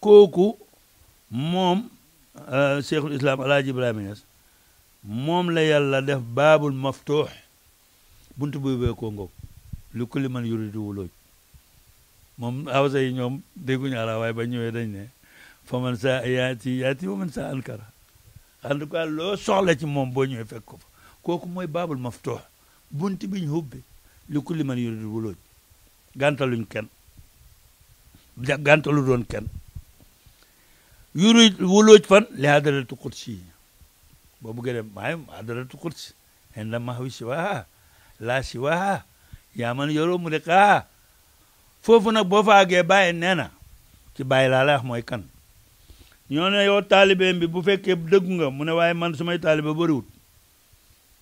kooku moom euh, cheikhul islam alaaji ibrahima Niass moom la yàlla def baabul maftuux bunt buy beekoo ngoog lu kulli man yuridu wuluj moom awsa yi ñoom dégguñu ala waaye ba ñëwee dañ ne fa man saa yaati yaati wa man saa ankara en tout loo soxla ci moom boo ñëwee fekk ko kooku mooy baabul maftuux bunt biñ hubbi lu kulli man yuridu wuluj gàntaluñ kenn gàntalu doon kenn yuruj wuluuj fan li hadratu qudsi boo buggee dem maayam hadratu qudsi hen la mahwi siwaha laa siwaha yaa man yoroom riqaa ah. foofu nag boo fa àggee bàyyi nee na ci bàyyi laa la mooy kan ñoo ne yow taalibeem bi bu fekkee dëggu nga mu ne waaye man sumay taalibe bëriwut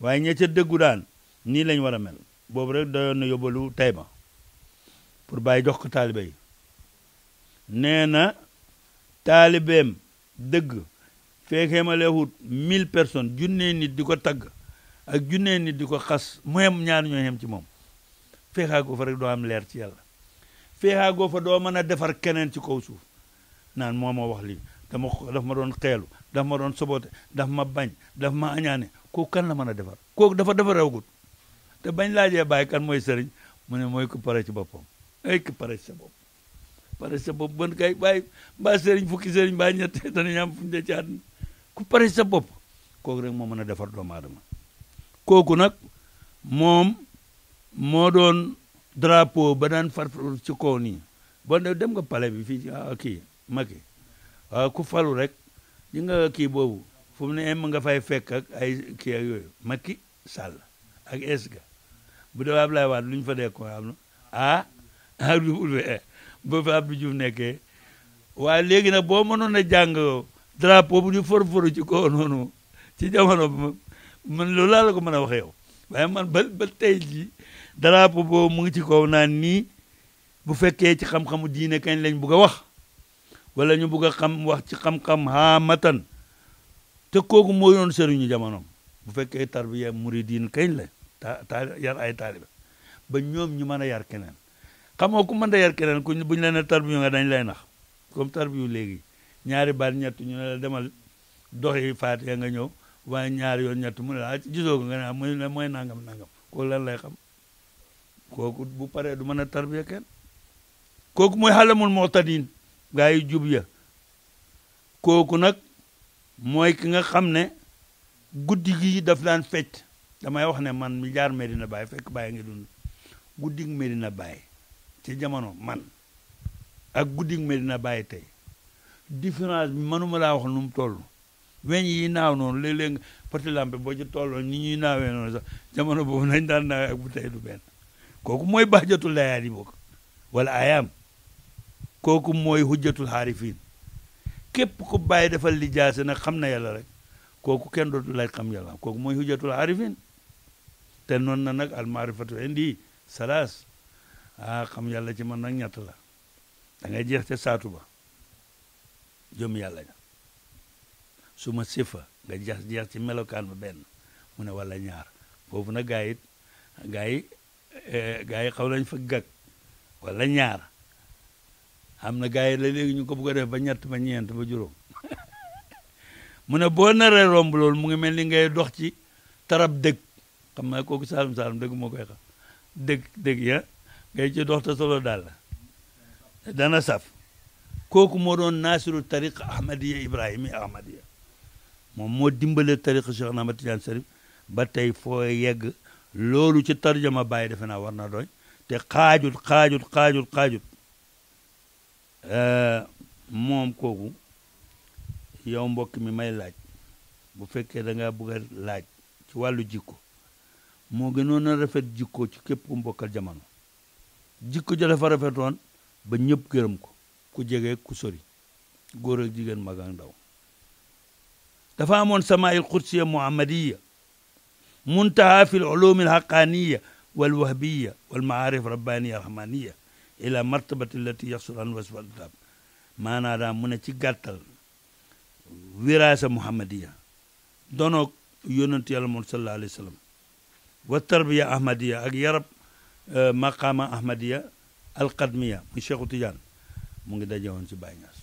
waaye ña ca dëggu daan nii lañ war a mel boobu rek doyoon na yóbbalu tay ba pour bàyyi jox ko taalibeem dëgg fekkee ma leewut mille personnes junnee nit di ko tagg ak junnee nit di ko xas mu hem ñaar ñoo hem ci moom feexaagoo fa rek doo am leer ci yàlla feexaagoo fa doo mën a defar keneen ci kaw suuf naan moo ma wax lii dama daf ma doon xeelu daf ma doon soboote daf ma bañ daf ma añaane ko kan la mën a defar kooku dafa defarewagut te bañ laajee bàyyi kan mooy sëriñ mu ne mooy ku pare ci boppam ay ku pare ci sa bopp pare sa bopp bon kay bàyyi mbaa sëriñ fukki sëriñ mbaa ñett danañ am fu ñu dee ci àdduna ku pare sa bopp kooku rek moo mën a defar doomu aadama kooku nag moom moo doon drapo ba daan far ci kaw nii bon dem nga palais bi fii ah, kii Macky waaw ah, ku falu rek di nga kii boobu fu mu nga fay fekk ak ay ki ak yooyu Macky Sall ak Esga bu dee Ablaye Wade lu fa dee ko am na ah ak lu ba fi Abdou Diouf nekkee waa léegi nag boo mënoon na jàng drapeau bu ñu forforu ci kaw ci jamono bi man loolu laa la ko mën a waxee yow waaye man ba ba tey ji drapeau boobu mu ngi ci kaw naan nii bu fekkee ci xam-xamu diine kañ lañ bugg a wax wala ñu bugg a xam wax ci xam-xam haa matan te kooku moo yoon sëriñu jamonoom bu fekkee tarbiya muridin kañ la ta ta yar ay taaliba ba ñoom ñu mën a yar keneen xamoo ku mën da yar keneen ku bu ñu la ne tarbiyu nga dañ lay nax comme tarbiyu léegi ñaari baat ñett ñu ne la demal doxi faatiya nga ñëw waaye ñaari yoon ñett mu ne la ah, gisoo ko nga ne ah muy mooy nangam nangam kooku lan lay xam kooku bu paree du mën a tarbiya kenn kooku mooy xalamul muhtadin gaa yi jub ya kooku nag mooy ki nga xam ne guddi gi daf daan fecc damay wax ne man mi jaar Medina Baye fekk gi ngi dund guddig Medina Baye ci jamono man ak guddig Medina Baye tey différence manuma laa wax nu mu toll weñ yi naaw noonu léeg-léeg poti lampe boo ci tolloo ni ñuy naawee noonu sax jamono boobu nañ daan naawee ak bu tey du benn kooku mooy bahjatul layaali bokk wala ayam kooku mooy hujjatul xaarifiin képp ku bàyyi defal li jaase nag xam na yàlla rek kooku kenn dootu laaj xam yàlla kooku mooy hujjatul xaarifiin te noonu na nag almaarifatu indi salaas ah xam yàlla ci man nag ñett la da ngay jeex ca saatu ba jëm yàlla ja su ma sifa nga jeex jeex ci melokaan ba benn mu ne wala ñaar foofu nag gaa yi yi eh, gaa yi xaw lañ fa gag walla ñaar am na gaa yi la léegi ñu ko bëgg a ba ñett ba ñeent ba juróom mu ne boo naree romb loolu mu ngi mel ni ngay dox ci tarab dëgg xam naa kooku saalum saalum dëgg moo koy xam dëgg dëgg ya ngay ci dox te solo daal dana saf kooku moo doon naasiru tariq ahmadiya ibrahimi ahmadiya moom moo dimbale tariq Cheikh Ahmad Tidiane Cherif ba tey foo yegg loolu ci tarjama bàyyi defe naa war na doy te xaajut xaajut xaajut xaajut euh, moom kooku yow mbokk mi may laaj bu fekkee danga ngaa laaj ci wàllu jikko moo gënoon a rafet jikko ci képp ku mbokkal jamono jikko ja dafa rafetoon ba ñëpp gërëm ku jege ku sori góor ak jigéen mag ak ndaw dafa amoon samaa'il qudsiya muhammadiya muntaha fi al-ulum al-haqqaniya wal wahbiya wal ma'arif rabbaniya rahmaniya ila martabati allati yafsul an wasf al-adab maanaa daam mu ci gàttal wiraasa muhammadiya donoog yonent yàlla moom sallallahu alayhi wa tarbiya ahmadiya ak yarab Euh, maqaama ahmadiya alqadmiya muy Cheikhu Tidiane mu ngi daje woon ci Baye Niass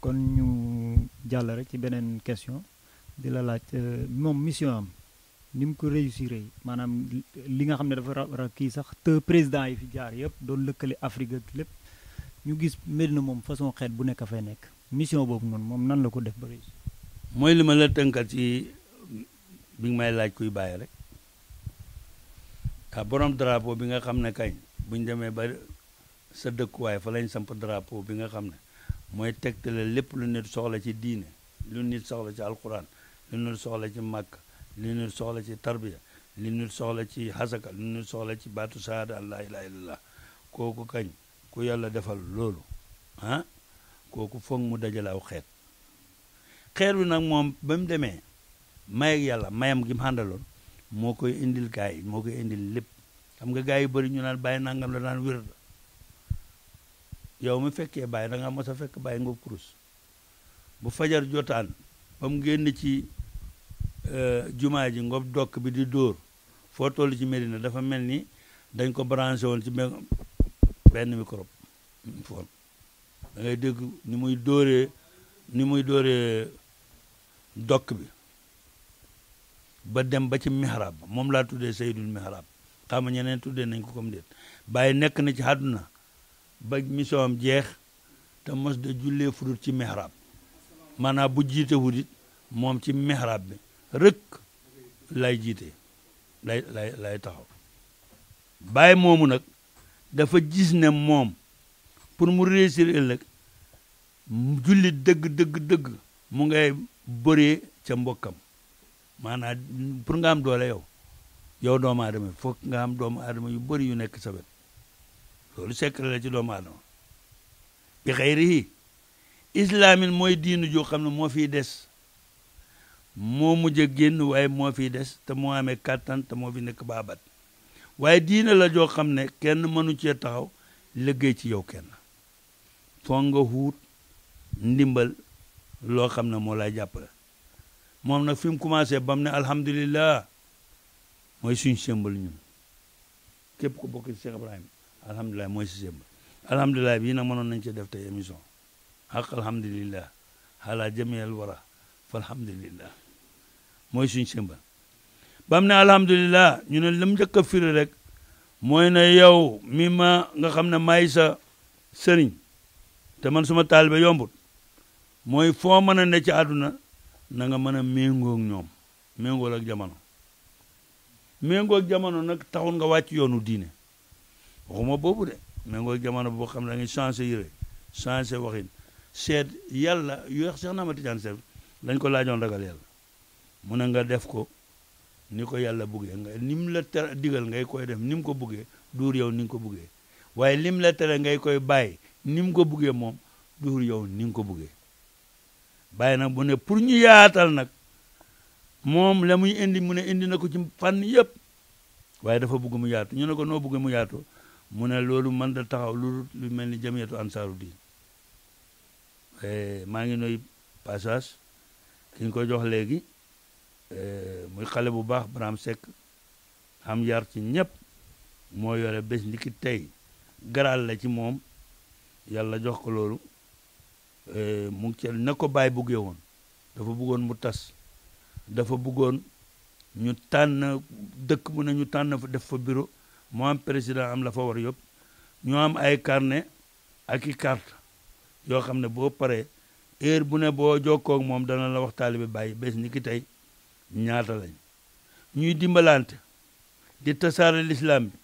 kon ñu jàll rek ci beneen question di la laaj euh, moom mission am ni mu ko réussir maanaam li nga xam ne dafa ra kii sax te président yi fi jaar yëpp doon lëkkale Afrique ak lépp ñu gis mel na moom façon xeet bu nekk a fay nekk mission boobu noonu moom nan la ko def ba réussir mooy li ma la tënkal ci bi nga may laaj kuy bàyyi rek a borom drapeau bi nga xam ne kañ bu demee ba sa dëkkuwaay fa lañ samp drapeau bi nga xam ne mooy tegtale lépp lu nit soxla ci diine lu nit soxla ci alquran lu nit soxla ci màkk lu nit soxla ci tarbiya lu nit soxla ci xasaka lu nit soxla ci baatu saada laa ilaaha illallaah kooku kañ ku yàlla defal loolu ah kooku foog mu dajale aw xeet xeer wi nag moom ba mu demee may yàlla mayam gim mu àndaloon moo koy indil gars yi moo koy indil lépp xam nga gars yu bari ñu naan bàyyi nangam la daan wér yow mi fekkee bàyyi da nga mos fekk bàyyi nga kurus bu fajar jotaan ba mu génn ci euh, jumaa ji ngob dokk bi di dóor foo toll ci Medina dafa mel ni dañ ko branché woon ci benn micro fon da dégg ni muy dóoree ni muy dóoree dokk bi ba dem ba ci mihrab moom laa tuddee saydul mihrab xam nga ñeneen tuddee nañ ko kom déet bàyyi nekk na ci àdduna ba mission jeex te mos de jullee fudut ci mihrab maanaam bu jiite wudit moom ci mihrab bi rëkk lay jiite lay lay taxaw bàyyi moomu nag dafa gis ne moom pour mu réussir ëllëg jullit dëgg dëgg dëgg mu ngay bëree ca mbokkam maanaam pour nga am doole yow yow doomu aadama foog nga am doomu adama yu bëri yu nekk sa wet loolu secret la ci doomu aadama bi xayrihi islaamin mooy diinu joo xam ne moo fi des moo mujj a génn waaye moo fiy des te moo amee kàttan te moo fi nekk baabat waaye diina la joo xam ne kenn mënu cee taxaw liggéey ci yow kenn foog nga xuut ndimbal loo xam ne moo laa jàppale moom nag fi mu commencé ba mu ne alhamdulilah mooy suñu sembal ñun képp ku bokk ci Cheikh Ibrahima alhamdulilah mooy si sembal alhamdulilah bii nag mënoon nañu ci def tey émission ak alhamdulilah ala jamiyal wara fa alhamdulilah mooy suñu sembal ba mu ne alhamdulilah ñu ne lam njëkk a firi rek mooy ne yow mi ma nga xam ne maay sa sëriñ te man suma taalibe yombut mooy foo mën a ne ci àdduna na nga mën a méngoo ñoom méngool ak jamono méngoo ak jamono nag taxul nga wàcc yoonu diine waxuma boobu de méngoo ak jamono boo xam ne da ngay changé yére changé waxin seet yàlla yu wax Cheikh Ahmad Tidiane Seck dañ ko laajoon ragal yàlla mu ne nga def ko ni ko yàlla buggee nga ni mu la tere digal ngay koy def ni mu ko buggee duur yow ni nga ko buggee waaye lim la tere ngay koy bàyyi ni mu ko buggee moom duur yow ni nga ko buggee bàyyi nag mu ne pour ñu yaatal nag moom la ñu indi mu ne indi na ko ci fànn yëpp waaye dafa bëgg mu yaatu ñu ne ko noo bëgg mu yaatu mu ne loolu mën da taxaw lu lu mel ni jamiyatu ansaaru diin eh, maa ngi nuyu passage ki ñu ko jox léegi eh, muy xale bu baax Braham Seck am yar ci ñëpp moo yore bés ndiki tey garaal la ci moom yàlla jox ko loolu Euh, mu ngi ca na ko baay buggee woon dafa buggoon mu tas dafa buggoon ñu tànn dëkk bu ne ñu tànn fa def fa bureau mu am président am la fa war yëpp ñu am ay karne ak i carte yoo xam ne boo paree heure bu ne boo jokkoog moom dana la wax taalibe bàyyi bés ni ki tey ñaata lañ ñuy dimbalante di tasaare lislaam bi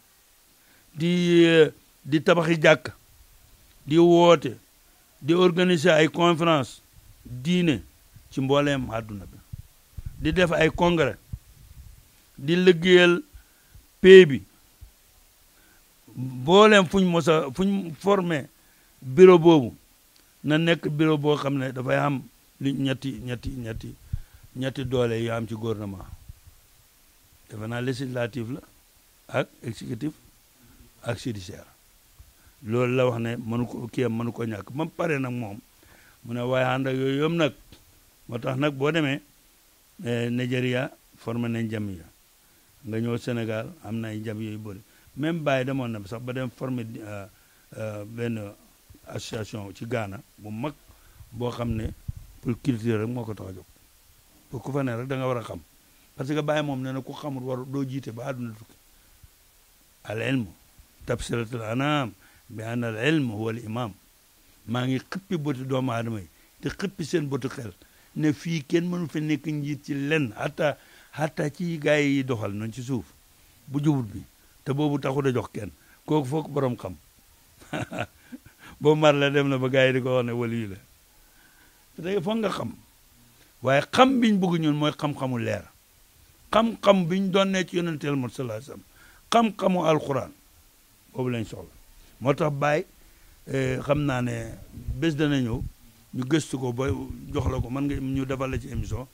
di euh, di tabaxi jàkk di woote di organiser ay conférence diine ci mbooleem àdduna bi di def ay congrès di liggéeyal pays bi mbooleem fu ñu mos a fu ñu formé boobu na nekk bureau boo xam ne dafay am li ñetti ñetti ñetti ñetti doole yu am ci gouvernement defe naa législatif la ak exécutif ak judiciaire loolu la wax ne mënu ko kii am mënu ko ñàkk ba mu pare nag moom mu ne waaye ànd ak yooyu yom nag moo tax nag boo demee eh, Nigeria formé nañ jamiya nga ñëw senegal am na ay jamiya yu bëri même bay demoon na sax ba dem formé eh, eh, benn association ci gaana bu mag boo xam ne pour culture rek moo ko tax a jóg pour ku fa ne rek da nga war a xam parce que Baye moom ne na ku xamul war doo jiite ba àdduna tukki al ilmu tabsiratul anaam bi anna al ilm huwa al imam maa ngi xëppi bëtu doomu aadama yi te xëppi seen bëtu xel ne fii kenn mënu fi nekk njiit ci lenn hatta hatta ci gaay yi doxal noonu ci suuf bu jubut bi te boobu taxut a jox kenn kooku foog borom xam boobu mar dem na ba gaay yi di ko wax ne waliyu la te foog nga xam waaye xam biñ bëgg ñun mooy xam-xamu leer xam-xam biñ doon ne ci yonenteel mu sallallahu alayhi wasallam xam-xamu alquran boobu lañ soxla moo tax Baye eh, xam naa ne bés dana ñëw ñu gëstu ko ba jox la ko mën nga ñu defal ci émission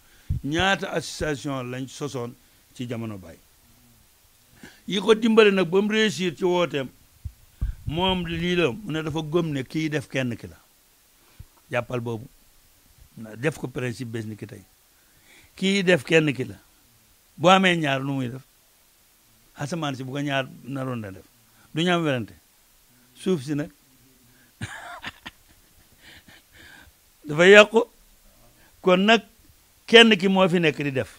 ñaata association lañ sosoon ci jamono baay yi ko dimbale nag ba mu réussir ci wooteem moom lii la mu ne dafa gëm ne kii def kenn ki la jàppal boobu def ko principe bés ni ki tey kii def kenn ki la boo amee ñaar nu muy def si bu ko ñaar naroon na def du ñu am werante suuf si nag dafa yàqu kon nag kenn ki moo fi nekk di def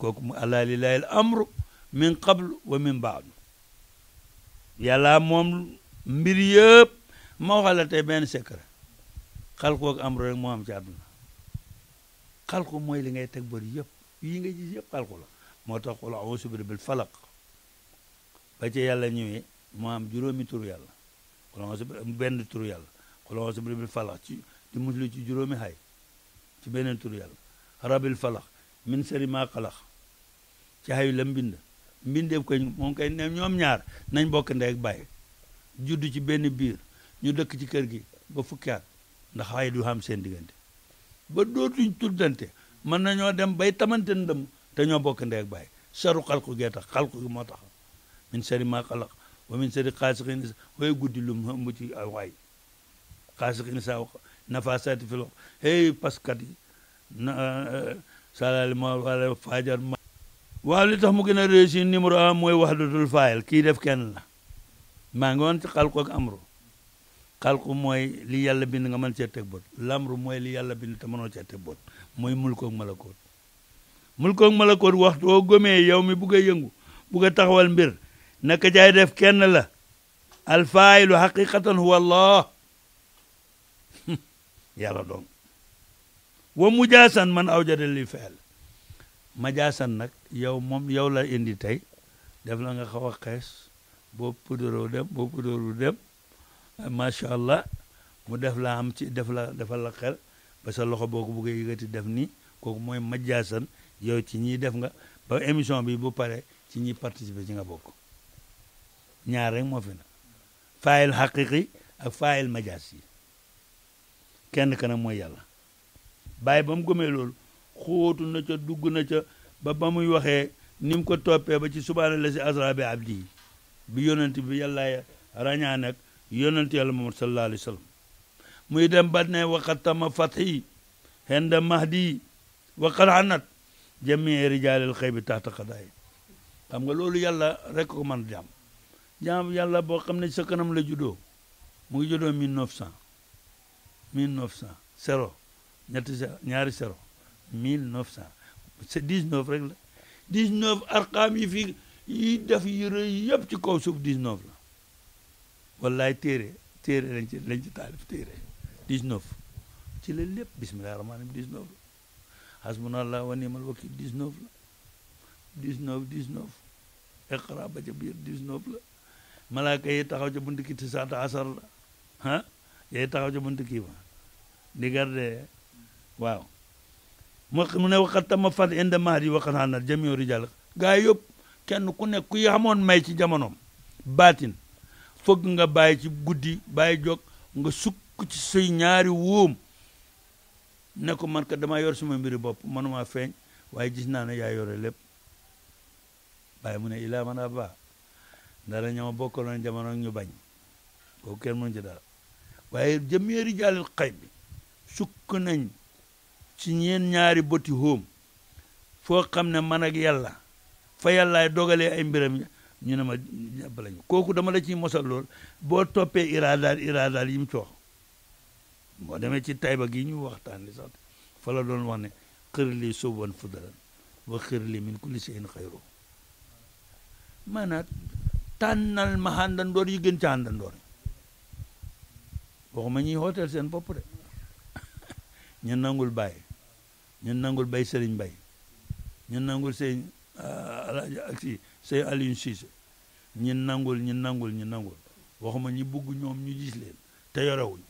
kooku mu àla lillahi al min qablu wa min baadu yàlla moom mbir yëpp ma waxal la benn secret xalqu ak amru rek moo am ci mooy li ngay teg bër yëpp yi nga gis yëpp xalqu la moo tax qul a'uuzu bi rabbil falaq ba ci yàlla ñëwee moo am juróomi turu yàlla xolonga benn turu yàlla xolonga sa biribil falax ci di ci juróomi xay ci beneen turu yàlla rabil falax min sari maa xalax ci xayu la mbind mbindeef koy moom koy ne ñoom ñaar nañ bokk ndey ak bàyyi ci benn biir ñu dëkk ci kër gi ba fukki at ndax xay du xam seen diggante ba dootuñ tuddante mën ñoo dem bay tamante ndëm te ñoo bokk ndey ak bàyyi saru xalku gee tax xalku gi moo tax min sari maa xalax wa min sharri xaasiqin xooy guddi lum mu ci ay waay xaasiqin saa nafasaati fil hey paskat yi na wala fajar ma tax mu gën a mooy wahdatul faayil kii def kenn la maa ngi woon ci xalqu ak amru xalqu mooy li yàlla bind nga mën cee teg bot lamru mooy li yàlla bind mënoo cee teg bot mooy mulkoog malakoot mulkoog malakoot waxtu woo gomee yow mi bugg a yëngu bugg a mbir naka jaay def kenn la alfaayilu xaqiqatan huwa allah yàlla doon wa mujaasan man awjada li feel majaasan nag yow moom yow la indi tey def la nga xaw a xees boo pudaroo dem boo pudaru dem macha allah mu def la am ci def la defal la xel ba sa loxo boo ko bëggee yëgati def nii kook mooy majaasan yow ci ñiy def nga ba émission bi bu pare ci ñiy participer ci nga bokk ñaar rek moo fi na faayil xaqiqi ak faayil majaas yi kenn kanam mooy yàlla bàyyi ba mu gëmee loolu xóotu na ca dugg na ca ba ba muy waxee ni ko toppee ba ci subhaana la si asra bi bi yonent bi yàllaay rañaan ak yonent yàlla Muhammad sallallahu alayhi wa sallam muy dem ba ne waqatama fathi henda mahdi waqat anat jamii rijaalil xëy bi taxta xadaay xam nga loolu yàlla rek ko mën a jaam yàlla boo xam ne sa kanam la juddoo mu ngi juddoo 1900 1900 zéro ñetti zéro ñaari zéro 1900 c'est 19 rek la 19 arqaam yi fi yi def yu rëy yëpp ci kaw suuf 19 la wallaay téere téere la ci lañ ci taalif téere 19 ci la lépp bisimilah rahmaani 19 la hasbunallah wa ni'mal wakil 19 la 19 19 iqra ba ca biir la malaaka yi taxaw ca buntu kii ti saata asar ah yay taxaw ca buntu kii ba di garde waaw mu ne tama fat inde mahdi yi waxat xaanat jamiu rijal gaa yi kenn ku nekk ku xamoon may ci jamonoom baatin fëgg nga bàyyi ci guddi bàyyi jog nga sukk ci say ñaari wóom ne ko man ka damaa yor suma mbiri bopp manuma feeñ waaye gis naa ne yaa yore lépp bàyyi mu ne ilaa man abaa ndara ñama bokkaloon jamono ñu bañ kooku kenn mënu ci waaye jëmee rijaalil xay bi sukk nañ ci ñeen ñaari boti hóom foo xam ne man ak yàlla fa yàllaay dogalee ay mbiram ñu ne ma jàpp kooku dama la ciy mosal lool boo toppee iradaal iradaal yi mu coox boo demee ci tayba gi ñu waxtaan li sax fa la doon wax ne xër li suban fudalan min kulli shay'in xayru maanaam tànnal ma àndandoor yi gën ca àndandoor ma ñuy hotel seen bopp de ñu nangul baay ñu nangul bay sëriñ bay ñu nangul sëñ ah, alaaji ak si sëñ Alioune Cissé ñu nangul ñu nangul ñu nangul waxuma ñi bugg ñoom ñu gis leen te yorewuñ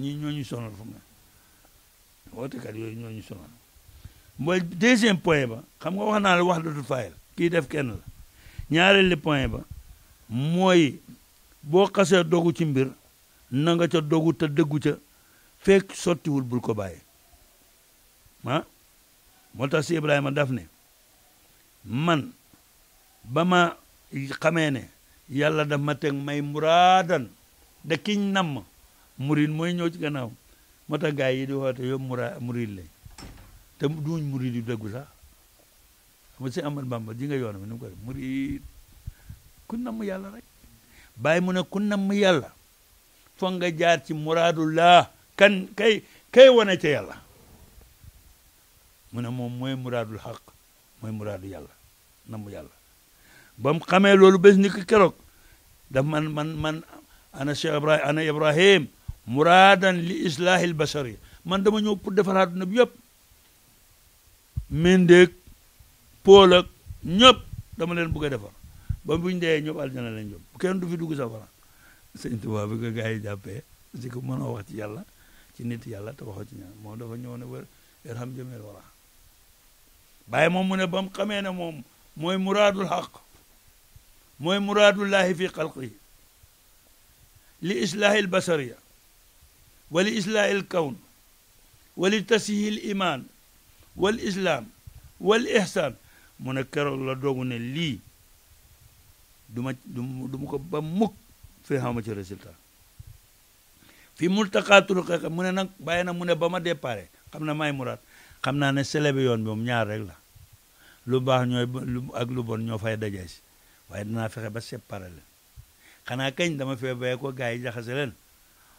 ñi ñooñu sonal fu mu ne wootekat yooyu ñooñu sonal mooy deuxième point ba xam nga wax naa la wax dootul fayal kii def kenn la ñaareelu point ba mooy boo xasee dogu ci mbir nanga ca dogu te dëggu ca fek sottiwul bul ko bàyyi ah moo tax si Ibrahima daf ne man ba ma xamee ne yàlla daf ma teg may muraadan da kiñ namm murid mooy ñëw ci gannaaw moo tax gars yi di woote yow mura murid lañ te duñ murid dëggu sax xam si Ahmad Bamba ji nga ni mu ko murid ku namm yàlla rek bàyyi mu ne ku namm yàlla foog nga jaar ci muraadullah kan kay kay wane ca yàlla mu ne moom mooy muraadul xaq muraadu yàlla namm yàlla ba mu xamee loolu bés ni ki keroog daf man man man ana Cheikh Ibrahim muraadan li islahil basari man dama ñëw pour defar àdduna bi yëpp Mindéeg Pool ak ñëpp dama leen bëgg a defar ba bu ñu dee ñëpp aljana lañ jëm kenn du fi dugg safara sëñ Tuubaa bi ko gars yi si ko mënoo wax ci yàlla ci nit yàlla te waxoo ci ñaan moom dafa ñëw ne wër irham jëmeel wara bàyyi moom mu ne ba mu xamee ne moom mooy muraadul xaq mooy fi xalqihi li islaahi lbasariya wa li islaahi lkawn wa li tasihi l iman wal islaam wal mu ne keroog la doogu ne lii du ma du ko ba mukk fee xaw ma ci résultat fi multaqa turuqa mu ne nag bàyyi na mu ne ba ma déparé xam na maay muraat xam naa ne sele bi yoon bi moom ñaar rek la lu baax ñooy ak lu bon ñoo fay daje si waaye dinaa fexe ba séparé leen xanaa kañ dama fee bayee ko gars yi jaxase leen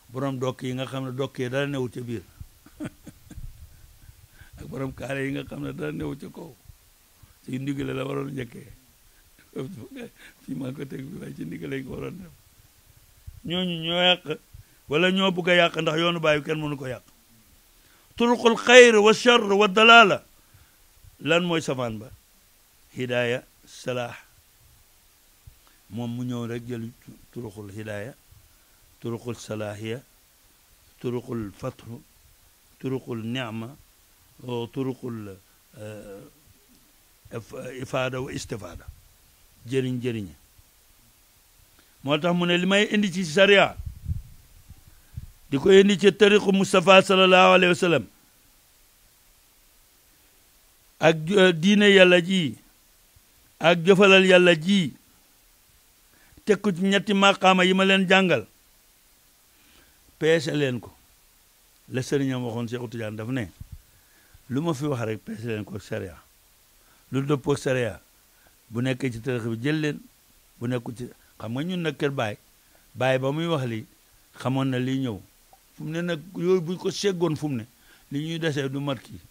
borom dokk yi nga xam ne dokk yi dara newu ca biir ak borom kaare yi nga xam ne dara newu ca kaw si ndigale la waroon njëkkee fii maa ko teg bi waaye ci ndigal lañ ko waroon def ñooñu ñoo yàq wala ñoo bëgg a yàq ndax yoonu bàyyi kenn mënu ko yàq turuqul xayr wa charr wa dalala lan mooy safaan ba hidaaya salaax moom mu ñëw rek jël turuqul hidaaya turuqul salaahiya turuqul fathu turuqul nicma turuqul eh, ifaada wa istifaada jëriñ jëriñ moo tax mu ne li may indi ci sariya di ko indi ci tariqu Moustapha sallallahu alayhi wa ak eh, diine yàlla ji ak jëfalal yàlla ji teku ñetti maqaama yi ma leen jàngal peese leen ko la sëriñam waxoon Cheikh Tidiane daf ne lu ma fi wax rek peese leen ko sariya lu dëppoo sariya bu nekkee ci tarixa bi jël leen bu nekkul ci xam nga ñun nag kër baay baay ba muy wax lii xamoon na lii ñëw ne nag yooyu buñ ko seggoon fu mu ne li ñuy desee du mat kii